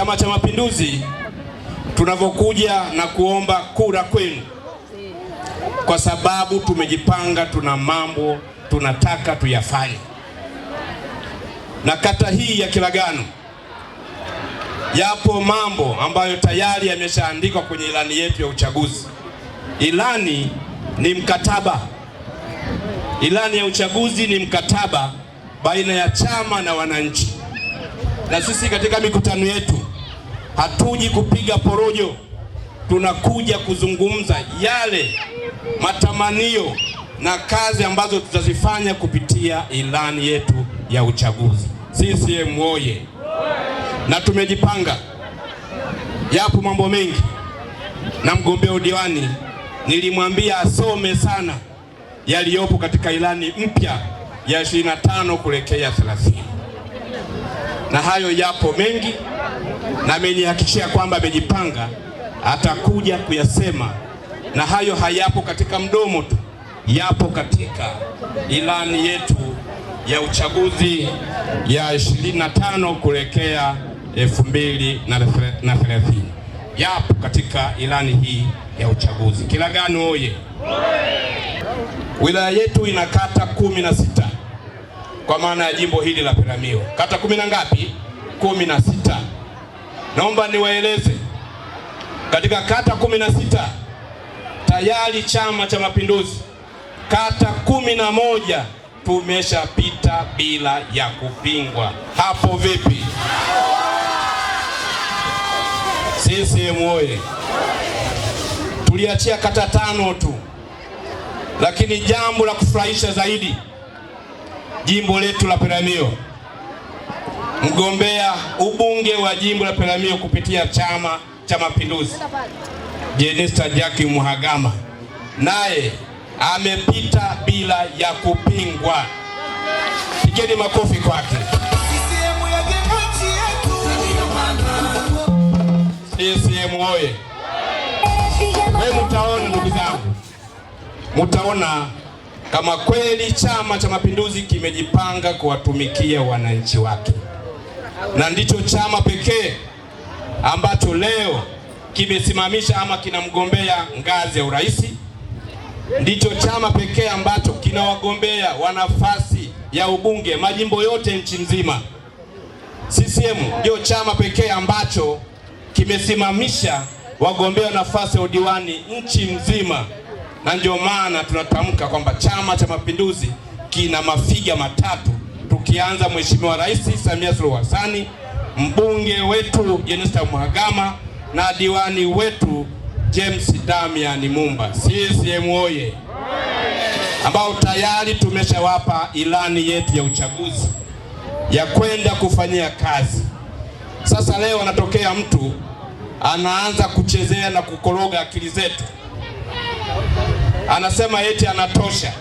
Chama cha Mapinduzi tunavyokuja na kuomba kura kwenu, kwa sababu tumejipanga, tuna mambo tunataka tuyafanye, na kata hii ya Kilagano yapo mambo ambayo tayari yameshaandikwa kwenye ilani yetu ya uchaguzi. Ilani ni mkataba, ilani ya uchaguzi ni mkataba baina ya chama na wananchi, na sisi katika mikutano yetu Hatuji kupiga porojo, tunakuja kuzungumza yale matamanio na kazi ambazo tutazifanya kupitia ilani yetu ya uchaguzi. CCM oye! Na tumejipanga, yapo mambo mengi, na mgombea udiwani nilimwambia asome sana yaliyopo katika ilani mpya ya 25 kuelekea 30 na hayo yapo mengi, na amenihakikishia kwamba amejipanga atakuja kuyasema, na hayo hayapo katika mdomo tu, yapo katika ilani yetu ya uchaguzi ya 25 kuelekea 2030 yapo katika ilani hii ya uchaguzi. Kilagano oye! Wilaya yetu ina kata kumi na sita kwa maana ya jimbo hili la Peramiho, kata kumi na ngapi? Kumi na sita. Naomba niwaeleze katika kata kumi na sita tayari Chama cha Mapinduzi kata kumi na moja tumeshapita bila ya kupingwa. Hapo vipi? CCM oye! Tuliachia kata tano tu, lakini jambo la kufurahisha zaidi jimbo letu la Peramiho, mgombea ubunge wa jimbo la Peramiho kupitia Chama cha Mapinduzi, Jenista Jaki Mhagama, naye amepita bila ya kupingwa. Pigeni makofi kwake. CCM oye! We mtaona ndugu zangu, mtaona kama kweli Chama cha Mapinduzi kimejipanga kuwatumikia wananchi wake, na ndicho chama pekee ambacho leo kimesimamisha ama kinamgombea ngazi ya urais, ndicho chama pekee ambacho kinawagombea wa nafasi ya ubunge majimbo yote nchi nzima. CCM ndio chama pekee ambacho kimesimamisha wagombea nafasi ya udiwani nchi nzima na ndio maana tunatamka kwamba Chama cha Mapinduzi kina mafiga matatu, tukianza Mheshimiwa Rais Samia Suluhu Hassan, mbunge wetu Jenista Mhagama na diwani wetu James Damian Mumba, CCM oye, ambao tayari tumeshawapa ilani yetu ya uchaguzi ya kwenda kufanyia kazi. Sasa leo anatokea mtu anaanza kuchezea na kukoroga akili zetu anasema eti anatosha,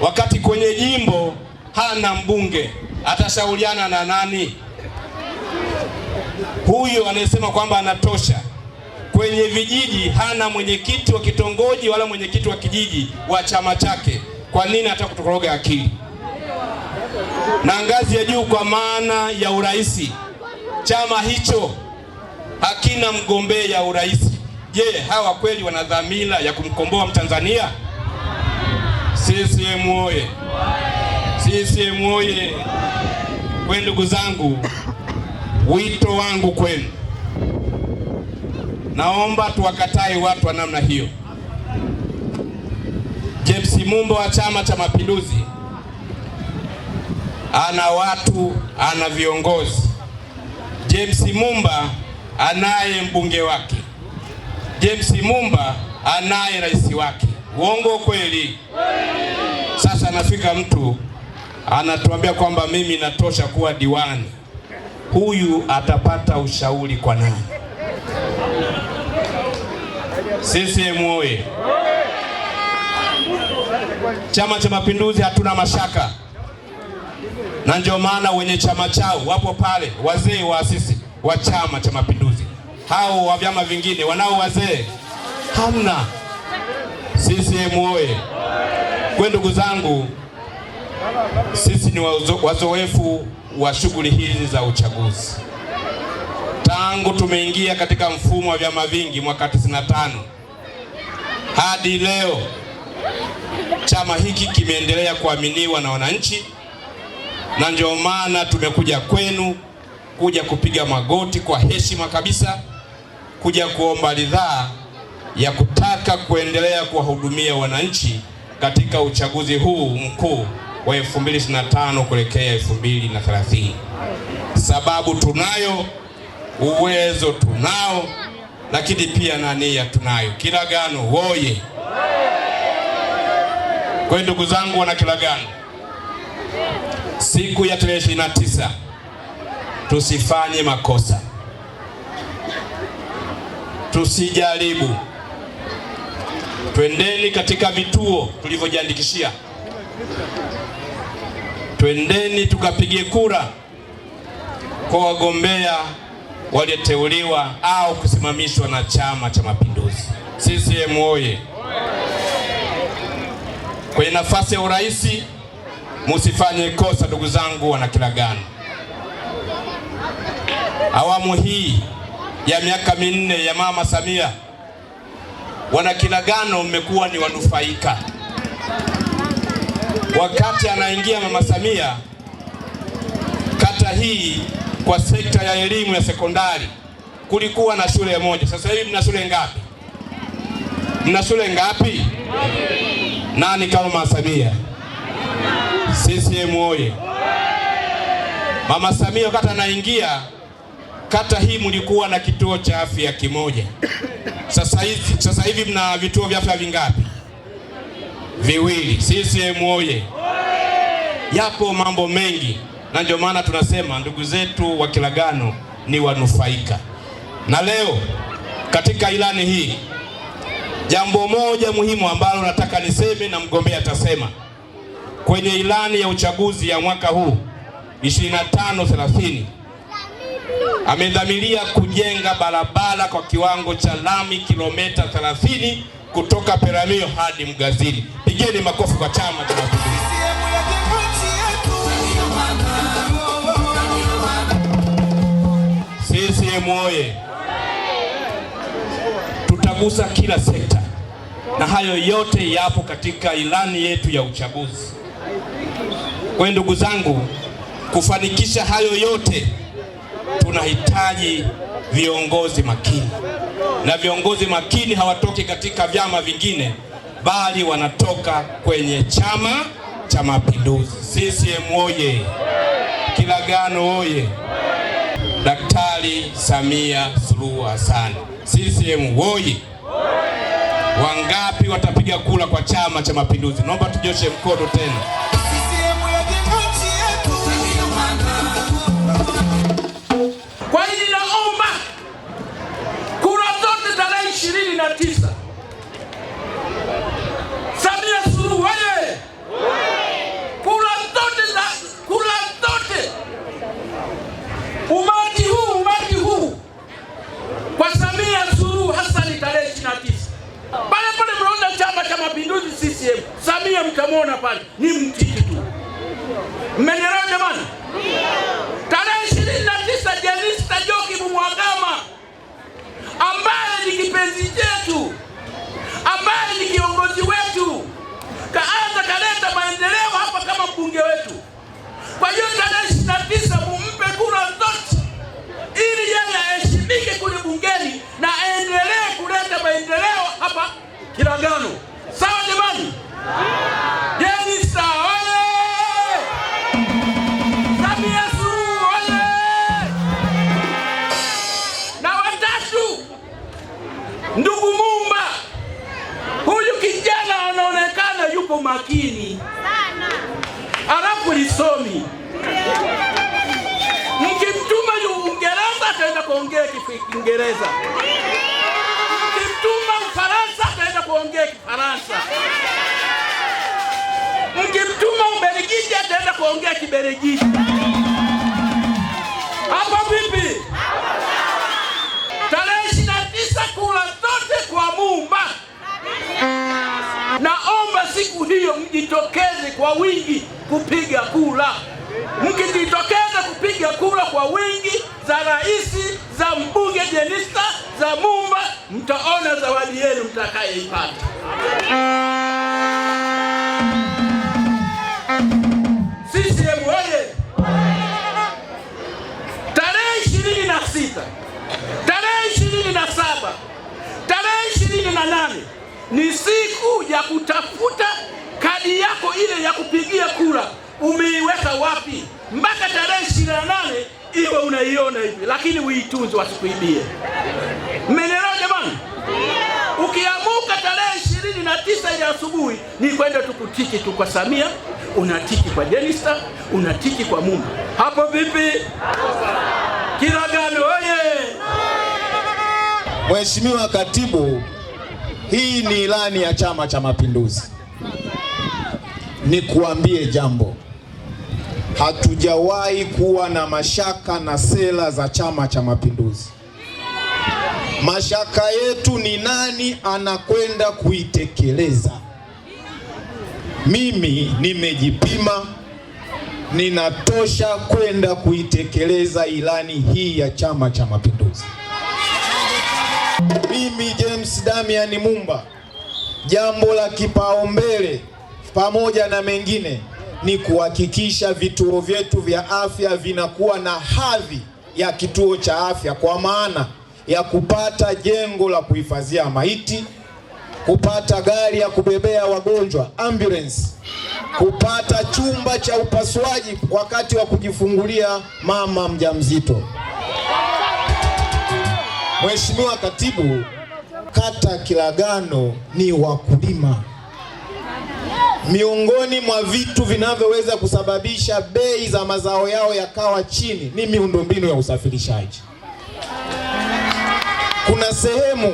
wakati kwenye jimbo hana mbunge, atashauriana na nani? Huyo anayesema kwamba anatosha kwenye vijiji hana mwenyekiti wa kitongoji wala mwenyekiti wa kijiji wa chama chake. Kwa nini hata kutokoroga akili na ngazi ya juu? Kwa maana ya urais, chama hicho hakina mgombea ya urais. Je, hawa kweli wana dhamira ya kumkomboa Mtanzania? CCM oye! CCM oye! Kwa ndugu zangu, wito wangu kwenu, naomba tuwakatae watu wa namna hiyo. James Mumbo wa Chama cha Mapinduzi ana watu, ana viongozi. James Mumba anaye mbunge wake James Mumba anaye rais wake. Uongo kweli? Sasa anafika mtu anatuambia kwamba mimi natosha kuwa diwani. Huyu atapata ushauri kwa nani? CCM oye! Chama cha Mapinduzi hatuna mashaka, na ndio maana wenye chama chao wapo pale, wazee wa sisi wa Chama cha Mapinduzi hao wa vyama vingine wanao wazee hamna. CCM oye! Kwa ndugu zangu, sisi ni wazoefu wa shughuli hizi za uchaguzi. Tangu tumeingia katika mfumo wa vyama vingi mwaka 95 hadi leo, chama hiki kimeendelea kuaminiwa na wananchi, na ndio maana tumekuja kwenu kuja kupiga magoti kwa heshima kabisa kuja kuomba ridhaa ya kutaka kuendelea kuwahudumia wananchi katika uchaguzi huu mkuu wa 2025 kuelekea 2030. Sababu tunayo, uwezo tunao, lakini pia na nia tunayo. Kilagano woye! Kwa hiyo ndugu zangu wana Kilagano, siku ya tarehe 29 tusifanye makosa tusijaribu. Twendeni katika vituo tulivyojiandikishia, twendeni tukapige kura kwa wagombea walioteuliwa au kusimamishwa na Chama cha Mapinduzi, CCM oye! Kwenye nafasi ya urais musifanye kosa, ndugu zangu wana Kilagano, awamu hii ya miaka minne ya Mama Samia, wanakinagano mmekuwa ni wanufaika. Wakati anaingia Mama Samia, kata hii kwa sekta ya elimu ya sekondari kulikuwa na shule moja. Sasa hivi mna shule ngapi? Mna shule ngapi? Nani kama Mama Samia? CCM oye! Mama Samia wakati anaingia Kata hii mlikuwa na kituo cha afya kimoja, sasa hivi sasa hivi mna vituo vya afya vingapi? Viwili. CCM oye! Yapo mambo mengi, na ndio maana tunasema ndugu zetu wa Kilagano ni wanufaika. Na leo katika ilani hii jambo moja muhimu ambalo nataka niseme na mgombea atasema kwenye ilani ya uchaguzi ya mwaka huu 25 30 amedhamiria kujenga barabara kwa kiwango cha lami kilomita 30 kutoka Peramiho hadi Mgazili. Pigeni makofi kwa Chama cha Mapinduzi. CCM oye! Tutagusa kila sekta, na hayo yote yapo katika ilani yetu ya uchaguzi. Kwa ndugu zangu, kufanikisha hayo yote tunahitaji viongozi makini, na viongozi makini hawatoki katika vyama vingine, bali wanatoka kwenye Chama cha Mapinduzi, CCM oye! Kilagano oye! Daktari Samia Suluhu Hassan, CCM oye! Wangapi watapiga kura kwa Chama cha Mapinduzi? Naomba tujoshe mkono tena. na tisa Kiingereza. Mkimtuma Ufaransa ataenda kuongea Kifaransa. Mkimtuma Ubelgiji ataenda kuongea Kibeligiji. Hapo vipi? Tarehe ishirini na tisa kula zote kwa mumba Naomba siku hiyo mjitokeze kwa wingi kupiga kula. Mkijitokeza kupiga kula kwa wingi za rais, za mbunge Jenista, za Mumba, mtaona zawadi yenu mtakayeipata. CCM oye! Tarehe ishirini na sita, tarehe ishirini na saba, tarehe ishirini na nane ni siku ya kutafuta kadi yako ile ya kupigia kura, umeiweka wapi? Mpaka tarehe ishirini na nane iwe unaiona hivi, lakini uitunze, wasikuibie. Mmenielewa jamani? Ukiamuka tarehe ishirini na tisa ya asubuhi, ni kwenda tukutiki tu kwa Samia, unatiki kwa Jenista, unatiki kwa Mumba. Hapo vipi? Kilagano oye! Mheshimiwa Katibu, hii ni ilani ya Chama cha Mapinduzi. Nikuambie jambo hatujawahi kuwa na mashaka na sera za Chama cha Mapinduzi. Mashaka yetu ni nani anakwenda kuitekeleza. Mimi nimejipima, ninatosha kwenda kuitekeleza ilani hii ya Chama cha Mapinduzi. Mimi James Damian Mumba, jambo la kipaumbele pamoja na mengine ni kuhakikisha vituo vyetu vya afya vinakuwa na hadhi ya kituo cha afya, kwa maana ya kupata jengo la kuhifadhia maiti, kupata gari ya kubebea wagonjwa ambulance, kupata chumba cha upasuaji wakati wa kujifungulia mama mjamzito. Mheshimiwa Katibu, kata Kilagano ni wakulima Miongoni mwa vitu vinavyoweza kusababisha bei za mazao yao yakawa chini ni miundombinu ya usafirishaji. Kuna sehemu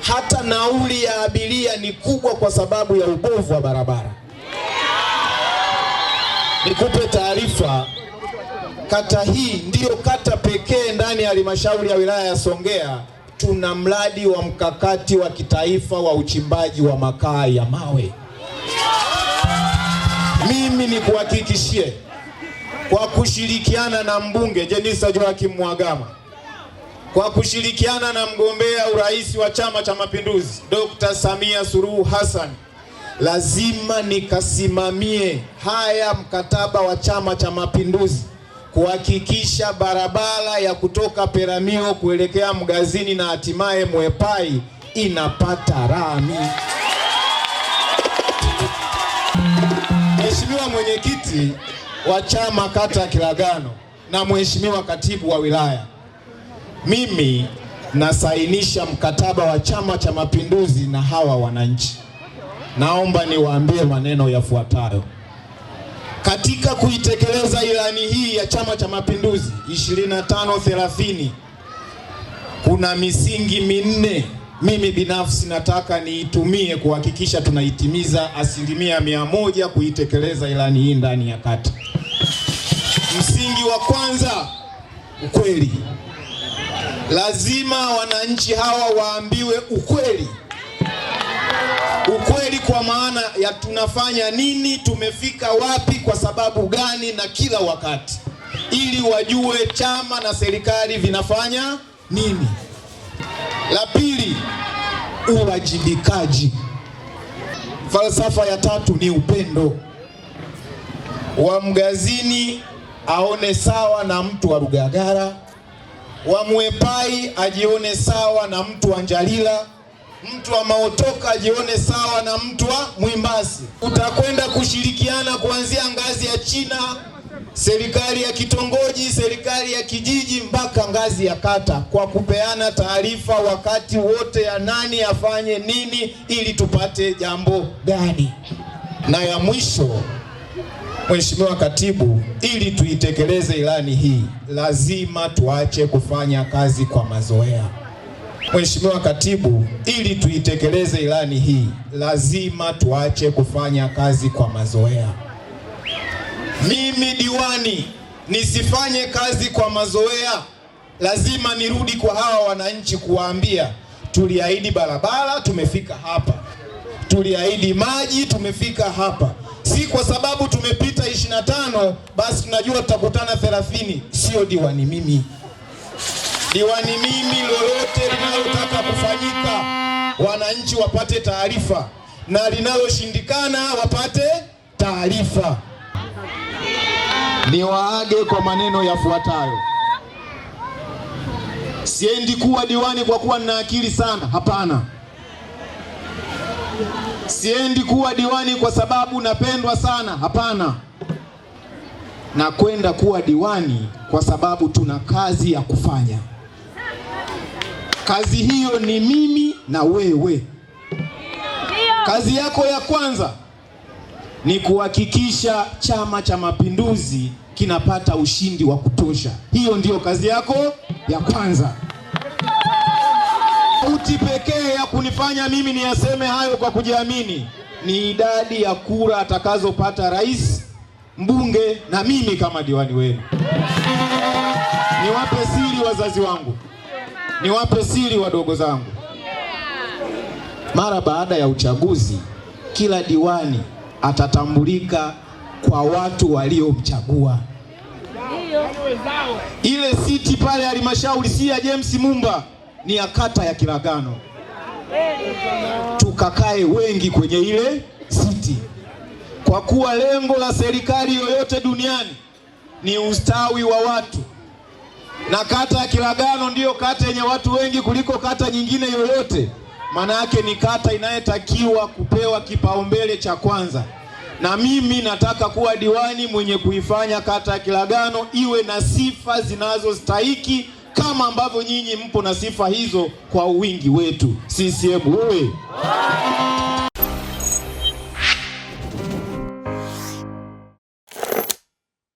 hata nauli ya abiria ni kubwa kwa sababu ya ubovu wa barabara. Nikupe taarifa, kata hii ndiyo kata pekee ndani ya halmashauri ya wilaya ya Songea tuna mradi wa mkakati wa kitaifa wa uchimbaji wa makaa ya mawe. Mimi nikuhakikishie kwa kushirikiana na mbunge Jenista Joakim Mhagama, kwa kushirikiana na mgombea urais wa Chama cha Mapinduzi Dr. Samia Suluhu Hassan, lazima nikasimamie haya mkataba wa Chama cha Mapinduzi kuhakikisha barabara ya kutoka Peramio kuelekea Mgazini na hatimaye Mwepai inapata rami. Mheshimiwa mwenyekiti wa chama kata ya Kilagano na mheshimiwa katibu wa wilaya, mimi nasainisha mkataba wa Chama cha Mapinduzi na hawa wananchi. Naomba niwaambie maneno yafuatayo. Katika kuitekeleza ilani hii ya Chama cha Mapinduzi 25 30 kuna misingi minne mimi binafsi nataka niitumie kuhakikisha tunaitimiza asilimia mia moja kuitekeleza ilani hii ndani ya kata. Msingi wa kwanza, ukweli. Lazima wananchi hawa waambiwe ukweli, ukweli kwa maana ya tunafanya nini, tumefika wapi, kwa sababu gani, na kila wakati, ili wajue chama na serikali vinafanya nini. La pili uwajibikaji. Falsafa ya tatu ni upendo wa Mgazini aone sawa na mtu wa Rugagara, wa Mwepai ajione sawa na mtu wa Njalila, mtu wa Maotoka ajione sawa na mtu wa Mwimbasi. Utakwenda kushirikiana kuanzia ngazi ya China serikali ya kitongoji, serikali ya kijiji mpaka ngazi ya kata, kwa kupeana taarifa wakati wote ya nani afanye nini ili tupate jambo gani. Na ya mwisho, Mheshimiwa Katibu, ili tuitekeleze ilani hii lazima tuache kufanya kazi kwa mazoea. Mheshimiwa Katibu, ili tuitekeleze ilani hii lazima tuache kufanya kazi kwa mazoea. Mimi diwani nisifanye kazi kwa mazoea, lazima nirudi kwa hawa wananchi kuwaambia, tuliahidi barabara, tumefika hapa, tuliahidi maji, tumefika hapa. Si kwa sababu tumepita 25 tano basi tunajua tutakutana thelathini. Sio diwani mimi. Diwani mimi, lolote linalotaka kufanyika wananchi wapate taarifa, na linaloshindikana wapate taarifa niwaage kwa maneno yafuatayo. Siendi kuwa diwani kwa kuwa nina akili sana, hapana. Siendi kuwa diwani kwa sababu napendwa sana, hapana. Nakwenda kuwa diwani kwa sababu tuna kazi ya kufanya. Kazi hiyo ni mimi na wewe. Kazi yako ya kwanza ni kuhakikisha Chama cha Mapinduzi kinapata ushindi wa kutosha. Hiyo ndiyo kazi yako ya kwanza. Sauti pekee ya kunifanya mimi niyaseme hayo kwa kujiamini ni idadi ya kura atakazopata rais, mbunge na mimi kama diwani wenu. Niwape siri wazazi wangu, niwape siri wadogo zangu. Mara baada ya uchaguzi, kila diwani atatambulika kwa watu waliomchagua. Ile siti pale halmashauri si ya James Mumba, ni ya kata ya Kilagano. Tukakae wengi kwenye ile siti, kwa kuwa lengo la serikali yoyote duniani ni ustawi wa watu, na kata ya Kilagano ndiyo kata yenye watu wengi kuliko kata nyingine yoyote maana yake ni kata inayotakiwa kupewa kipaumbele cha kwanza, na mimi nataka kuwa diwani mwenye kuifanya kata ya Kilagano iwe na sifa zinazostahiki kama ambavyo nyinyi mpo na sifa hizo kwa wingi wetu. CCM uwe